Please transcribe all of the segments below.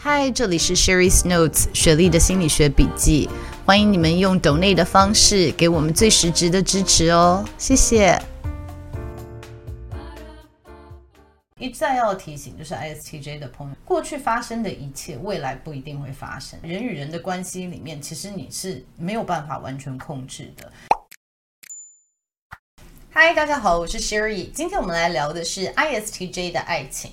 嗨，這裡是 Sherry's Notes 雪力的心理學筆記，歡迎你們用 donate 的方式給我們最實質的支持哦，謝謝。一再要提醒，就是 ISTJ 的朋友，過去發生的一切，未來不一定會發生。人與人的關係裡面，其實你是沒有辦法完全控制的。嗨，大家好，我是 Sherry，今天我們來聊的是 ISTJ 的愛情。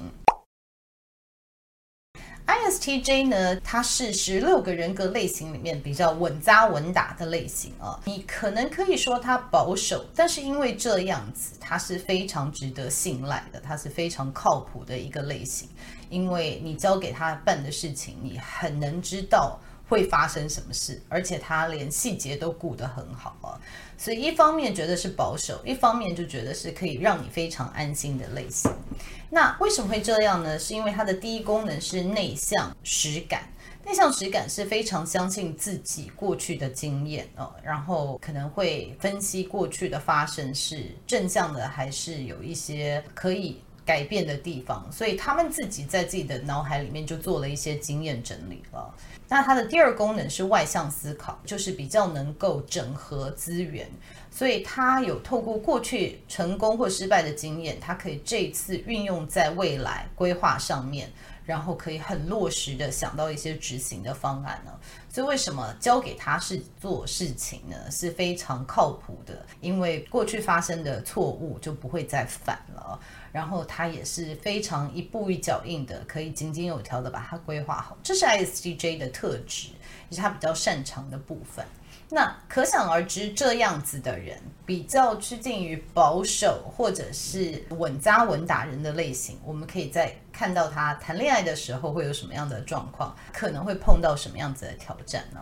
ISTJ 呢，它是十六個人格類型裡面比較穩紮穩打的類型啊、哦。你可能可以說它保守，但是因為這樣子，它是非常值得信賴的，它是非常靠譜的一個類型，因為你交給他辦的事情，你很能知道。會發生什麼事？而且他連細節都顧得很好啊、哦，所以一方面覺得是保守，一方面就覺得是可以讓你非常安心的類型。那為什麼會這樣呢？是因為他的第一功能是內向實感，內向實感是非常相信自己過去的經驗哦，然後可能會分析過去的發生是正向的還是有一些可以改變的地方，所以他們自己在自己的腦海裡面就做了一些經驗整理了。那它的第二功能是外向思考，就是比較能夠整合資源，所以他有透過過去成功或失敗的經驗，他可以這一次運用在未來規劃上面，然後可以很落實地想到一些執行的方案呢。所以為什麼交給他是做事情呢？是非常靠譜的，因為過去發生的錯誤就不會再犯了。然後他也是非常一步一腳印的，可以井井有條的把它規劃好，這是 ISTJ 的特質，也是他比較擅長的部分。那可想而知，這樣子的人比較趨近於保守或者是穩扎穩打人的類型。我們可以在看到他談戀愛的時候會有什麼樣的狀況，可能會碰到什麼樣子的挑戰呢？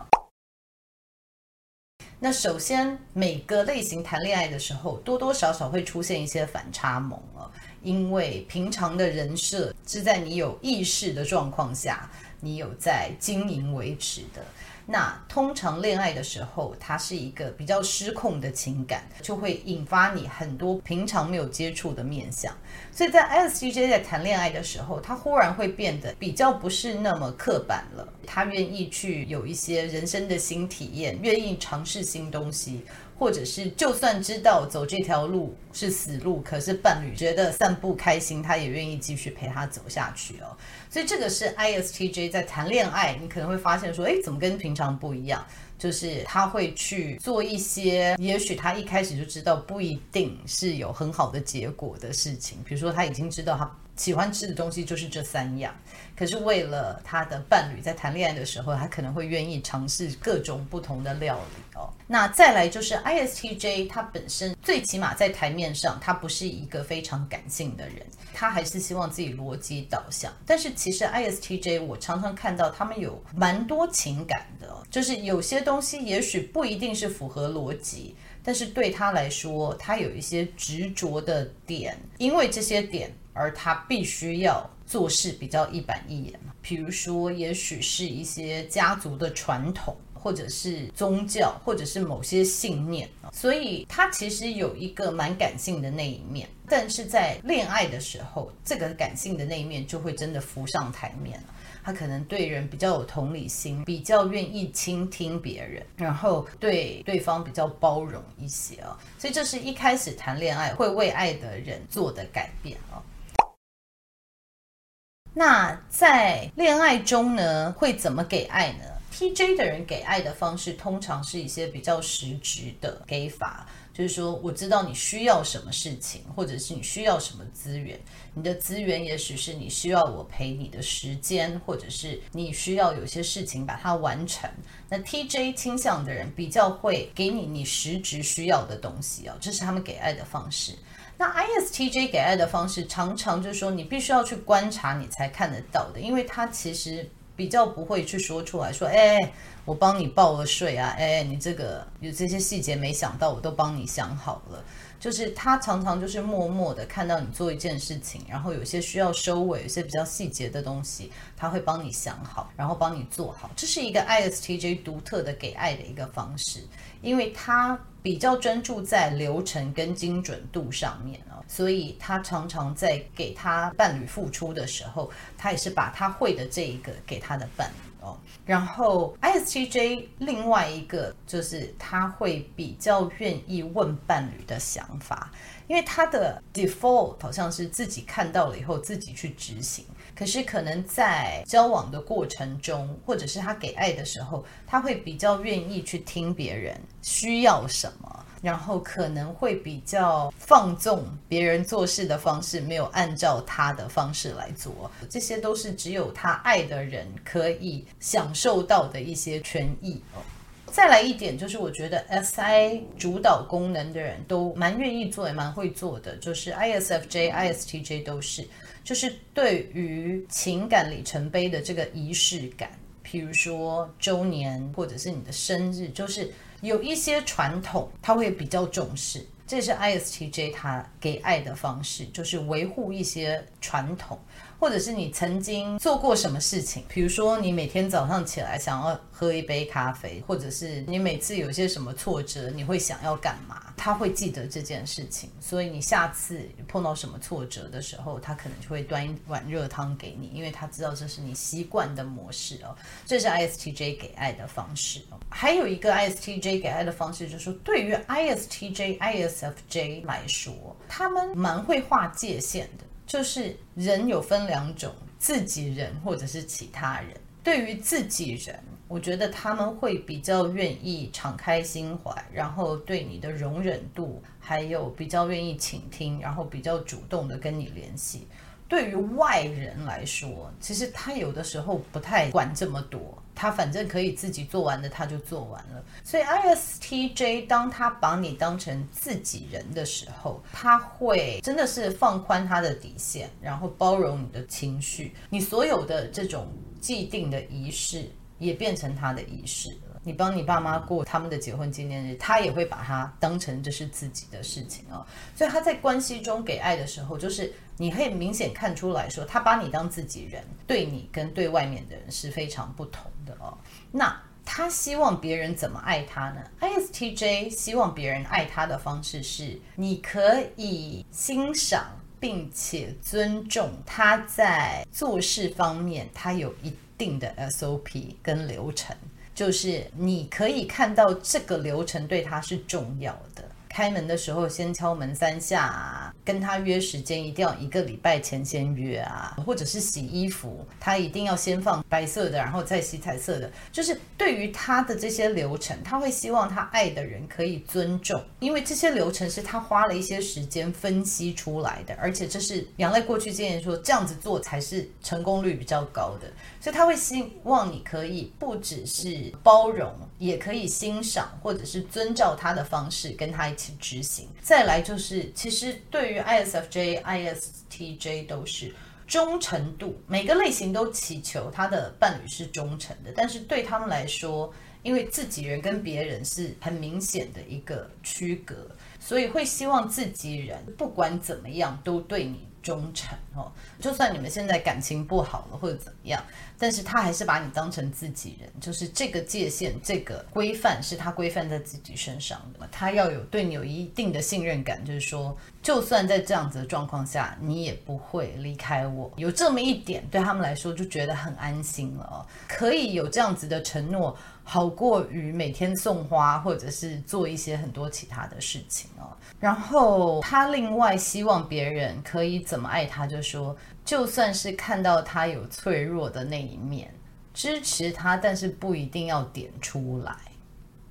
那首先，每個類型談戀愛的時候，多多少少會出現一些反差萌啊，因為平常的人設是在你有意識的狀況下，你有在經營維持的。那通常戀愛的時候，它是一個比較失控的情感，就會引發你很多平常沒有接觸的面向。所以在 ISTJ 在談戀愛的時候，他忽然會變得比較不是那麼刻板了，他願意去有一些人生的新體驗，願意嘗試新東西。或者是就算知道走這條路是死路，可是伴侶覺得散步開心，他也願意繼續陪他走下去哦。所以這個是 ISTJ 在談戀愛，你可能會發現說，哎，怎麼跟平常不一樣？就是他會去做一些，也許他一開始就知道不一定是有很好的結果的事情，比如說他已經知道他。喜歡吃的東西就是這三樣，可是為了他的伴侶，在談戀愛的時候，他可能會願意嘗試各種不同的料理哦。那再來就是 ISTJ，他本身最起碼在台面上，他不是一個非常感性的人，他還是希望自己邏輯導向。但是其實 ISTJ，我常常看到他們有蠻多情感的，就是有些東西也許不一定是符合邏輯，但是對他來說，他有一些執着的點，因為這些點。而他必須要做事比較一板一眼嘛，比如說，也許是一些家族的傳統，或者是宗教，或者是某些信念。所以他其實有一個蠻感性的那一面，但是在戀愛的時候，這個感性的那一面就會真的浮上台面。他可能對人比較有同理心，比較願意傾聽別人，然後對對方比較包容一些啊。所以這是一開始談戀愛會為愛的人做的改變啊。那在戀愛中呢，會怎麼給愛呢？TJ 的人給愛的方式通常是一些比較實質的給法，就是說我知道你需要什麼事情，或者是你需要什麼資源，你的資源也許是你需要我陪你的時間，或者是你需要有些事情把它完成。那 TJ 傾向的人比較會給你你實質需要的東西哦，這是他們給愛的方式。那 ISTJ 給愛的方式，常常就是說，你必須要去觀察，你才看得到的，因為他其實比較不會去說出來說，哎，我幫你報了稅啊，哎，你這個有這些細節沒想到，我都幫你想好了。就是他常常就是默默的看到你做一件事情，然後有些需要收尾，有些比較細節的東西，他會幫你想好，然後幫你做好。這是一個 ISTJ 獨特的給愛的一個方式，因為他比較專注在流程跟精準度上面啊，所以他常常在給他伴侶付出的時候，他也是把他會的這一個給他的伴侶。然後 ISTJ 另外一個就是他會比較願意問伴侶的想法，因為他的 default 好像是自己看到了以後自己去執行，可是可能在交往的過程中，或者是他給愛的時候，他會比較願意去聽別人需要什麼。然後可能會比較放縱別人做事的方式，沒有按照他的方式來做，這些都是只有他愛的人可以享受到的一些權益。再來一點，就是我覺得 S I 主導功能的人都蠻願意做，也蠻會做的，就是 I S F J、I S T J 都是，就是對於情感里程碑的這個儀式感，譬如說周年或者是你的生日，就是。有一些傳統，他會比較重視，這是 ISTJ 他給愛的方式，就是維護一些傳統。或者是你曾經做過什麼事情，比如說你每天早上起來想要喝一杯咖啡，或者是你每次有些什麼挫折，你會想要幹嘛？他會記得這件事情，所以你下次碰到什麼挫折的時候，他可能就會端一碗熱湯給你，因為他知道這是你習慣的模式哦。這是 ISTJ 給愛的方式哦。還有一個 ISTJ 給愛的方式，就是說對於 ISTJ ISFJ 來說，他們蠻會劃界限的。就是人有分兩種，自己人或者是其他人。對於自己人，我覺得他們會比較願意敞開心懷，然後對你的容忍度，還有比較願意傾聽，然後比較主動的跟你聯繫。對於外人來說，其實他有的時候不太管這麼多。他反正可以自己做完的，他就做完了。所以 ISTJ 當他把你當成自己人的時候，他會真的是放寬他的底線，然後包容你的情緒。你所有的這種既定的儀式也變成他的儀式。你幫你爸媽過他們的結婚紀念日，他也會把它當成這是自己的事情哦。所以他在關係中給愛的時候，就是你可以明顯看出來說，他把你當自己人，對你跟對外面的人是非常不同的哦。那他希望別人怎麼愛他呢？ISTJ 希望別人愛他的方式是，你可以欣賞並且尊重他在做事方面，他有一定的 SOP 跟流程。就是，你可以看到這個流程對他是重要的。開門的時候先敲門三下啊，跟他約時間一定要一個禮拜前先約啊，或者是洗衣服，他一定要先放白色的，然後再洗彩色的。就是對於他的這些流程，他會希望他愛的人可以尊重，因為這些流程是他花了一些時間分析出來的，而且這是楊磊過去經驗說這樣子做才是成功率比較高的，所以他會希望你可以不只是包容，也可以欣賞，或者是遵照他的方式跟他一起。執行。再來就是，其實對於 ISFJ、ISTJ 都是忠誠度，每個類型都祈求他的伴侶是忠誠的。但是對他們來說，因為自己人跟別人是很明顯的一個區隔，所以會希望自己人不管怎麼樣都對你。忠誠哦，就算你們現在感情不好了，或者怎麼樣，但是他還是把你當成自己人，就是這個界限，這個規範是他規範在自己身上的，他要有對你有一定的信任感，就是說。就算在這樣子的狀況下，你也不會離開我。有這麼一點，對他們來說就覺得很安心了。可以有這樣子的承諾，好過於每天送花或者是做一些很多其他的事情哦。然後他另外希望別人可以怎麼愛他，就說，就算是看到他有脆弱的那一面，支持他，但是不一定要點出來。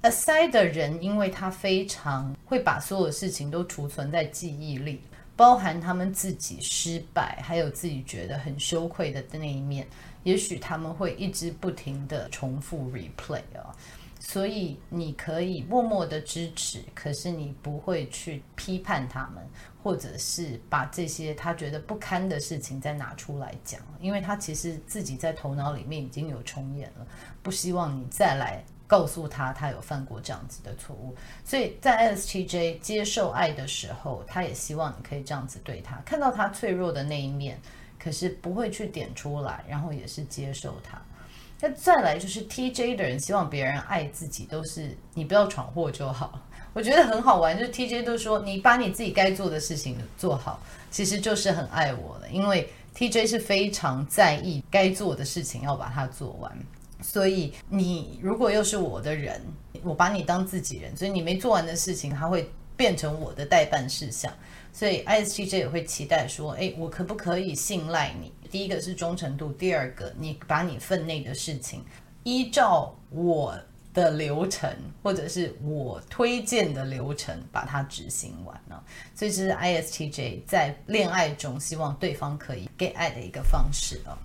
aside 的人，因為他非常會把所有事情都儲存在記憶裡，包含他們自己失敗，還有自己覺得很羞愧的那一面。也許他們會一直不停地重複 replay 哦，所以你可以默默地支持，可是你不會去批判他們，或者是把這些他覺得不堪的事情再拿出來講，因為他其實自己在頭腦裡面已經有重演了，不希望你再來。告訴他，他有犯過這樣子的錯誤，所以在 S T J 接受愛的時候，他也希望你可以這樣子對他，看到他脆弱的那一面，可是不會去點出來，然後也是接受他。那再來就是 T J 的人，希望別人愛自己，都是你不要闖禍就好。我覺得很好玩，就是 T J 都說你把你自己該做的事情做好，其實就是很愛我的，因為 T J 是非常在意該做的事情要把它做完。所以你如果又是我的人，我把你當自己人，所以你沒做完的事情，它會變成我的待辦事項。所以 ISTJ 也會期待說，誒，我可不可以信賴你？第一個是忠誠度，第二個，你把你分內的事情，依照我的流程，或者是我推薦的流程，把它執行完哦，所以這是 ISTJ 在戀愛中希望對方可以給愛的一個方式哦。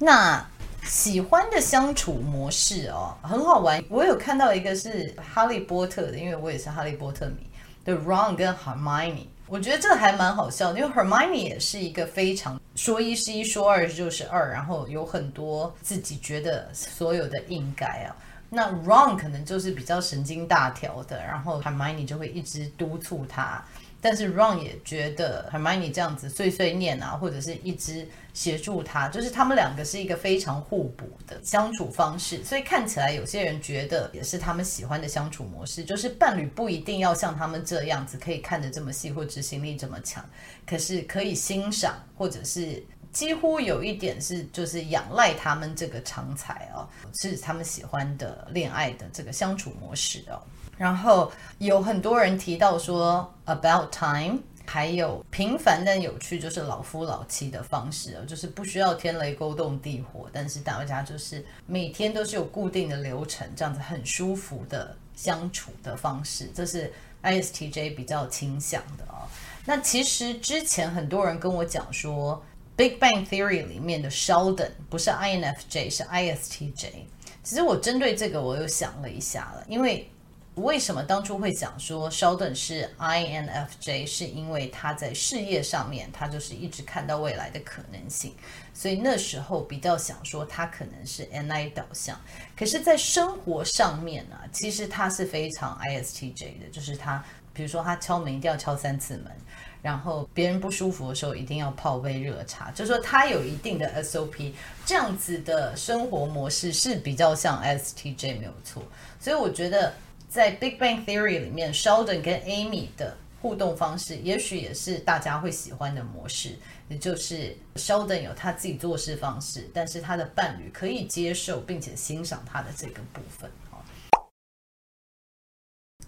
那。喜歡的相處模式哦，很好玩。我有看到一個是哈利波特的，因為我也是哈利波特迷，的 Ron 跟 Hermione，我覺得這個還蠻好笑，因為 Hermione 也是一個非常說一是一說二就是二，然後有很多自己覺得所有的應該啊、哦。那 Ron 可能就是比較神經大條的，然後 Hermione 就會一直督促他。但是 Ron 也覺得 Hermione 這樣子碎碎念啊，或者是一直協助他，就是他們兩個是一個非常互補的相處方式。所以看起來有些人覺得也是他們喜歡的相處模式，就是伴侶不一定要像他們這樣子，可以看得這麼細或執行力這麼強，可是可以欣賞或者是幾乎有一點是就是仰賴他們這個長才哦，是他們喜歡的戀愛的這個相處模式哦。然後有很多人提到說，about time，還有平凡但有趣，就是老夫老妻的方式就是不需要天雷勾動地火，但是大家就是每天都是有固定的流程，這樣子很舒服的相處的方式，這是 ISTJ 比較傾向的哦。那其實之前很多人跟我講說，《Big Bang Theory》裡面的 Sheldon 不是 INFJ，是 ISTJ。其實我針對這個我又想了一下了，因為。為什麼當初會想說 Sheldon 是 INFJ？是因為他在事業上面，他就是一直看到未來的可能性，所以那時候比較想說他可能是 NI 導向。可是，在生活上面呢、啊，其實他是非常 ISTJ 的，就是他比如說他敲門一定要敲三次門，然後別人不舒服的時候一定要泡杯熱茶，就說他有一定的 SOP，這樣子的生活模式是比較像 ISTJ 沒有錯。所以我覺得。在《Big Bang Theory》裡面，Sheldon 跟 Amy 的互動方式，也許也是大家會喜歡的模式，也就是 Sheldon 有他自己做事方式，但是他的伴侶可以接受並且欣賞他的這個部分。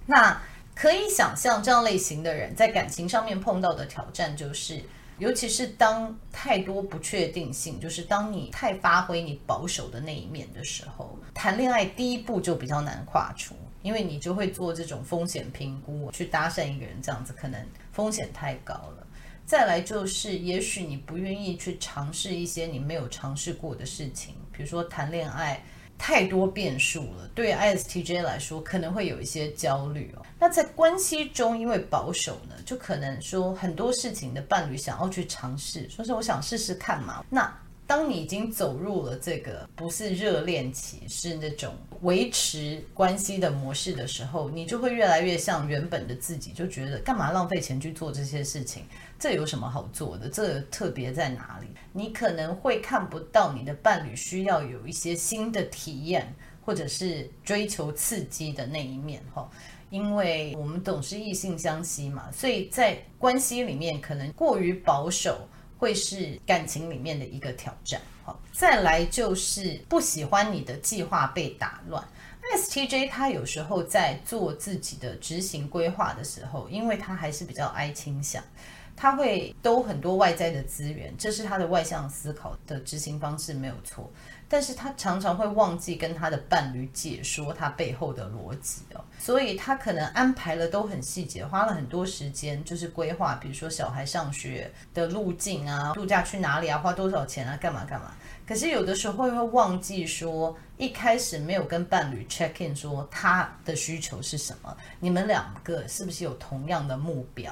那可以想象，這樣類型的人在感情上面碰到的挑戰，就是尤其是當太多不確定性，就是當你太發揮你保守的那一面的時候，談戀愛第一步就比較難跨出。因為你就會做這種風險評估，去搭訕一個人，這樣子可能風險太高了。再來就是，也許你不願意去嘗試一些你沒有嘗試過的事情，比如說談戀愛，太多變數了。對於 ISTJ 來說，可能會有一些焦慮哦。那在關係中，因為保守呢，就可能說很多事情的伴侶想要去嘗試，說是我想試試看嘛。那當你已經走入了這個不是熱戀期，是那種維持關係的模式的時候，你就會越來越像原本的自己，就覺得幹嘛浪費錢去做這些事情？這有什麼好做的？這特別在哪裡？你可能會看不到你的伴侶需要有一些新的體驗，或者是追求刺激的那一面，哦，因為我們總是異性相吸嘛，所以在關係裡面可能過於保守。會是感情裡面的一個挑戰，好，再來就是不喜歡你的計劃被打亂。S T J 他有時候在做自己的執行規劃的時候，因為他還是比較 I 傾向，他會兜很多外在的資源，這是他的外向思考的執行方式，沒有錯。但是他常常會忘記跟他的伴侶解說他背後的邏輯哦，所以他可能安排了都很細節，花了很多時間就是規劃，比如說小孩上學的路徑啊，度假去哪裡啊，花多少錢啊，干嘛幹嘛。可是有的時候會，會忘記說，一開始沒有跟伴侶 check in，說他的需求是什麼，你們兩個是不是有同樣的目標？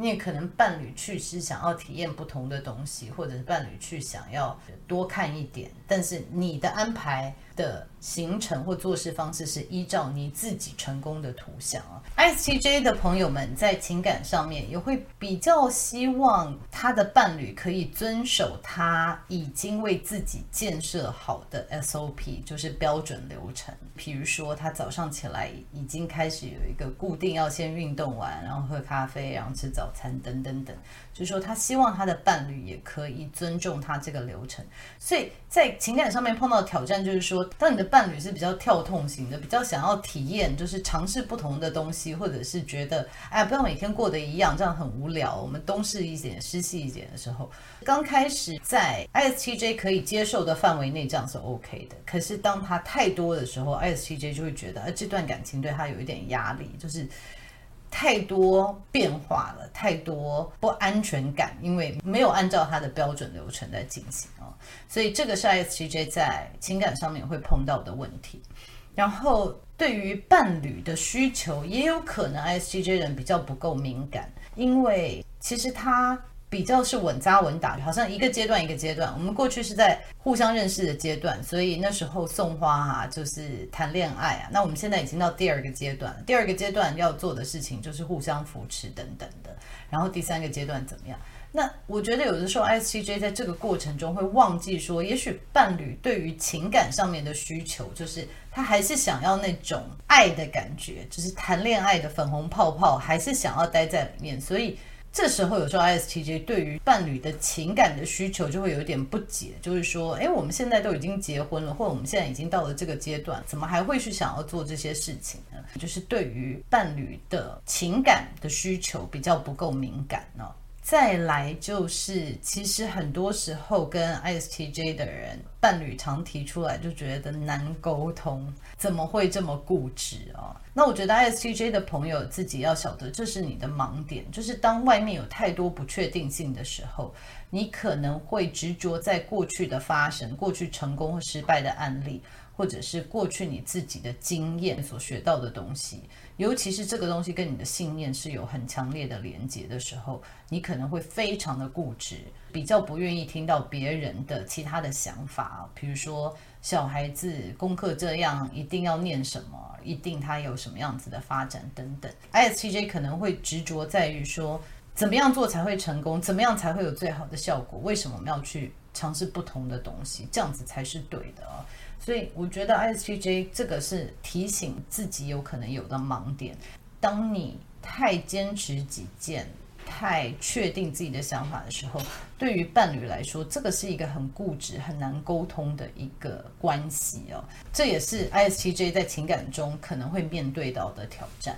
你也可能伴侶去是想要體驗不同的東西，或者是伴侶去想要多看一點，但是你的安排的行程或做事方式是依照你自己成功的圖像啊。ISTJ 的朋友們在情感上面也會比較希望他的伴侶可以遵守他已經為自己建設好的 S O P，就是標準流程。比如說他早上起來已經開始有一個固定，要先運動完，然後喝咖啡，然後吃早餐，等等等。就是說，他希望他的伴侶也可以尊重他這個流程，所以在情感上面碰到的挑戰，就是說，當你的伴侶是比較跳痛型的，比較想要體驗，就是嘗試不同的東西，或者是覺得，哎，不要每天過得一樣，這樣很無聊。我們東試一點，西試一點的時候，剛開始在 ISTJ 可以接受的範圍內，這樣是 OK 的。可是當他太多的時候，ISTJ 就會覺得，哎，這段感情對他有一點壓力，就是。太多變化了，太多不安全感，因為沒有按照他的標準流程在進行啊、哦，所以這個是 ISTJ 在情感上面會碰到的問題。然後對於伴侶的需求，也有可能 ISTJ 人比較不夠敏感，因為其實他。比較是穩扎穩打，好像一個階段一個階段。我們過去是在互相認識的階段，所以那時候送花哈、啊，就是談戀愛啊。那我們現在已經到第二個階段了，第二個階段要做的事情就是互相扶持等等的。然後第三個階段怎麼樣？那我覺得有的時候 ISTJ 在這個過程中會忘記說，也許伴侶對於情感上面的需求，就是他還是想要那種愛的感覺，就是談戀愛的粉紅泡泡，還是想要待在裡面，所以。這時候有時候 ISTJ 對於伴侶的情感的需求就會有點不解，就是說，哎，我們現在都已經結婚了，或者我們現在已經到了這個階段，怎麼還會去想要做這些事情呢？就是對於伴侶的情感的需求比較不夠敏感呢、哦。再來就是，其實很多時候跟 ISTJ 的人伴侶常提出來，就覺得難溝通，怎麼會這麼固執啊？那我覺得 ISTJ 的朋友自己要曉得，這是你的盲點，就是當外面有太多不確定性的時候，你可能會執着在過去的發生、過去成功或失敗的案例。或者是過去你自己的經驗所學到的東西，尤其是這個東西跟你的信念是有很強烈的連接的時候，你可能會非常的固執，比較不願意聽到別人的其他的想法。比如說，小孩子功課這樣一定要念什麼，一定他有什麼樣子的發展等等。ISTJ 可能會執着在於說，怎麼樣做才會成功，怎麼樣才會有最好的效果？為什麼我們要去嘗試不同的東西？這樣子才是對的。所以我覺得 ISTJ 這個是提醒自己有可能有的盲點。當你太堅持己見、太確定自己的想法的時候，對於伴侶來說，這個是一個很固執、很難溝通的一個關係哦。這也是 ISTJ 在情感中可能會面對到的挑戰。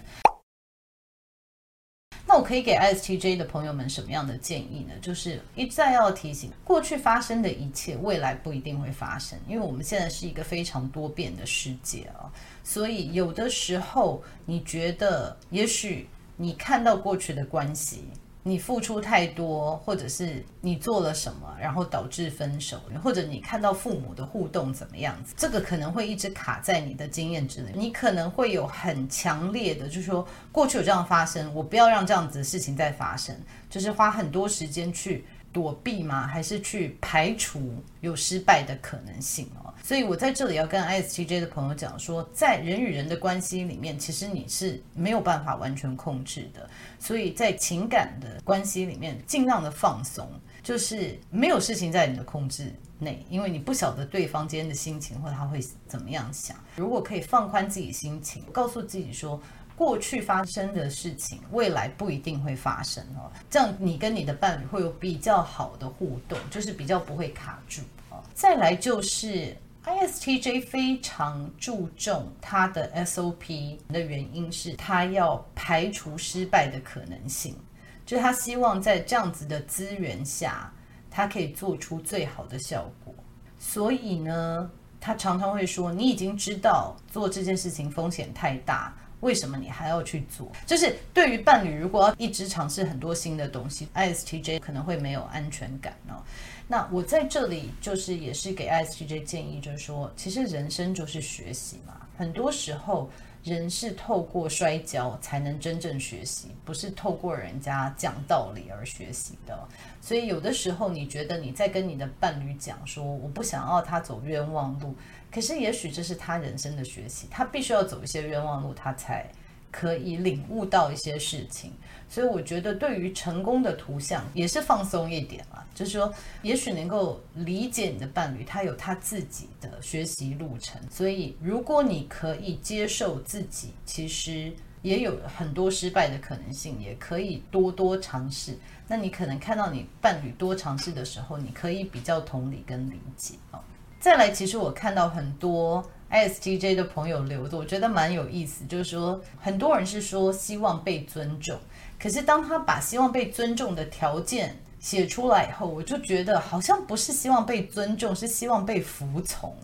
那我可以給 ISTJ 的朋友們什麼樣的建議呢？就是一再要提醒，過去發生的一切，未來不一定會發生，因為我們現在是一個非常多變的世界啊。所以有的時候，你覺得也許你看到過去的關係。你付出太多，或者是你做了什麼，然後導致分手，或者你看到父母的互動怎麼樣子，這個可能會一直卡在你的經驗之內。你可能會有很強烈的，就是說過去有這樣發生，我不要讓這樣子的事情再發生，就是花很多時間去。躲避嗎？還是去排除有失敗的可能性哦？所以我在這裡要跟 ISTJ 的朋友講說，在人與人的關係裡面，其實你是沒有辦法完全控制的。所以在情感的關係裡面，盡量的放鬆，就是沒有事情在你的控制內，因為你不曉得對方今天的心情或者他會怎麼樣想。如果可以放寬自己心情，告訴自己說。過去發生的事情，未來不一定會發生哦。這樣，你跟你的伴侶會有比較好的互動，就是比較不會卡住哦。再來就是，ISTJ 非常注重他的 SOP 的原因是，他要排除失敗的可能性，就他希望在這樣子的資源下，他可以做出最好的效果。所以呢，他常常會說：“你已經知道做這件事情風險太大了。”為什麼你還要去做？就是對於伴侶，如果要一直嘗試很多新的東西，ISTJ 可能會沒有安全感哦。那我在這裡就是也是給 ISTJ 建議，就是說，其實人生就是學習嘛。很多時候，人是透過摔跤才能真正學習，不是透過人家講道理而學習的。所以，有的時候你覺得你在跟你的伴侶講說，我不想要他走冤枉路。可是，也許這是他人生的學習，他必須要走一些冤枉路，他才可以領悟到一些事情。所以，我覺得對於成功的圖像也是放鬆一點啊，就是說，也許能夠理解你的伴侶，他有他自己的學習路程。所以，如果你可以接受自己，其實也有很多失敗的可能性，也可以多多嘗試。那你可能看到你伴侶多嘗試的時候，你可以比較同理跟理解啊。哦。再來，其實我看到很多 ISTJ 的朋友留的，我覺得蠻有意思。就是說，很多人是說希望被尊重，可是當他把希望被尊重的條件寫出來以後，我就覺得好像不是希望被尊重，是希望被服從。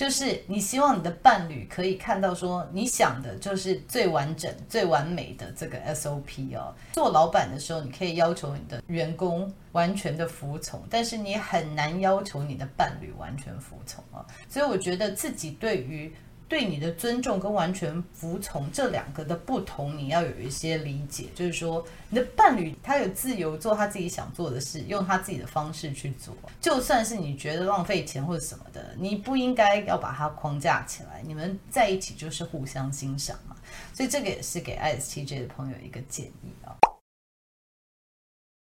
就是你希望你的伴侶可以看到，說你想的就是最完整、最完美的這個 SOP 哦。做老板的時候，你可以要求你的員工完全的服從，但是你很難要求你的伴侶完全服從哦。所以我覺得自己對於，對你的尊重跟完全服從這兩個的不同，你要有一些理解。就是說，你的伴侶他有自由做他自己想做的事，用他自己的方式去做。就算是你覺得浪費錢或者什麼的，你不應該要把它框架起來。你們在一起就是互相欣賞嘛，所以這個也是給 ISTJ 的朋友一個建議啊、哦。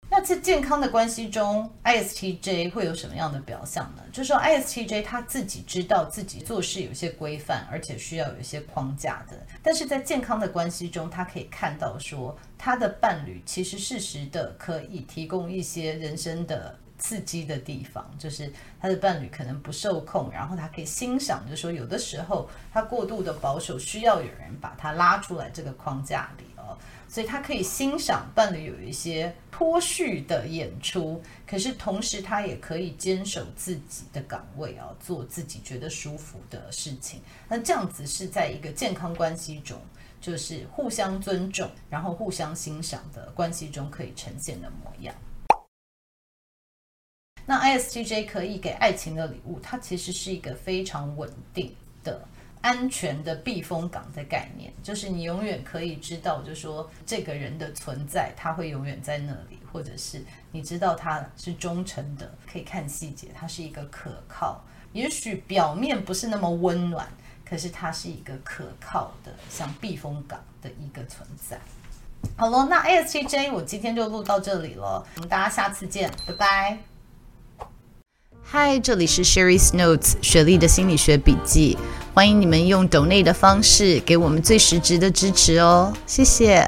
那在健康的關係中，ISTJ 會有什麼樣的表象呢？就是說，ISTJ 他自己知道自己做事有些規範，而且需要有一些框架的。但是在健康的關係中，他可以看到說，他的伴侶其實適時的可以提供一些人生的刺激的地方，就是他的伴侶可能不受控，然後他可以欣賞。就是說，有的時候他過度的保守，需要有人把他拉出來這個框架裡。所以他可以欣賞伴侶有一些脫序的演出，可是同時他也可以堅守自己的崗位啊，做自己覺得舒服的事情。那這樣子是在一個健康關係中，就是互相尊重，然後互相欣賞的關係中可以呈現的模樣。那 ISTJ 可以給愛情的禮物，它其實是一個非常穩定的。安全的避風港的概念，就是你永遠可以知道，就說這個人的存在，他會永遠在那裡，或者是你知道他是忠誠的，可以看細節，他是一個可靠。也許表面不是那麼溫暖，可是他是一個可靠的，像避風港的一個存在。好了，那 ISTJ 我今天就錄到這裡了，我們大家下次見，拜拜。嗨，這裡是 Sherry's Notes 雪力的心理學筆記，歡迎你們用 donate 的方式給我們最實質的支持哦，謝謝。